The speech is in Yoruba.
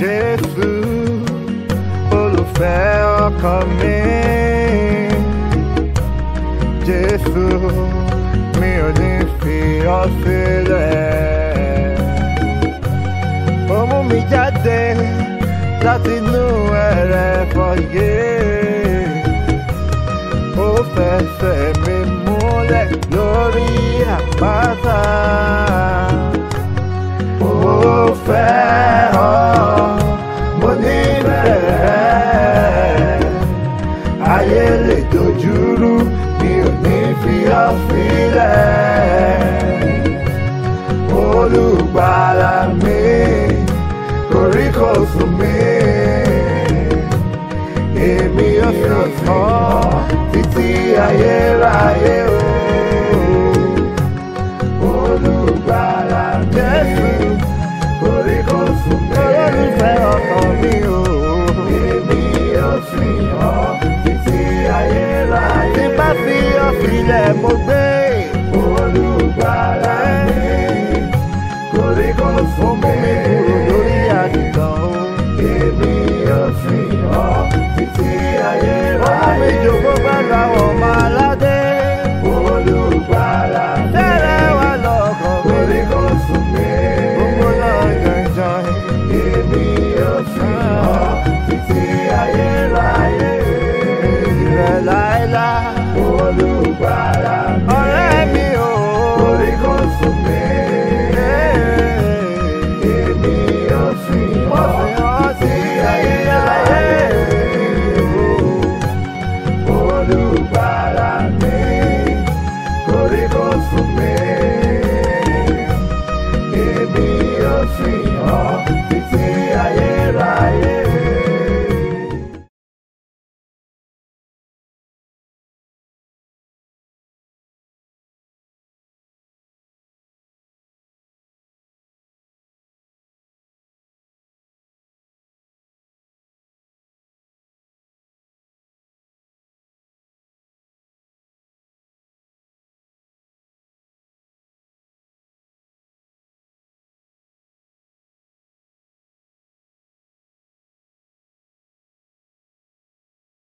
Jésù olùfẹ́ ọkàn mi Jésù mi ò ní fi ọ́ sílẹ̀ ó mú mi jáde láti inú ẹrẹ̀fọ̀ yìí ó fẹsẹ̀ mi múlẹ̀ lórí àpáta Oh, fẹ́ fún ọ títí ayérayé o olùgbàlà Jésù orí kò sùn mí olólùfẹ́ ọkàn mi o èmi ò fi ọ títí ayérayé tí bá fi ọ sílẹ̀ mo gbé olùgbàlà mi orí kò sùn mí kúrò lórí àdìgàn o èmi ò fi ọ. do para mí, corre me,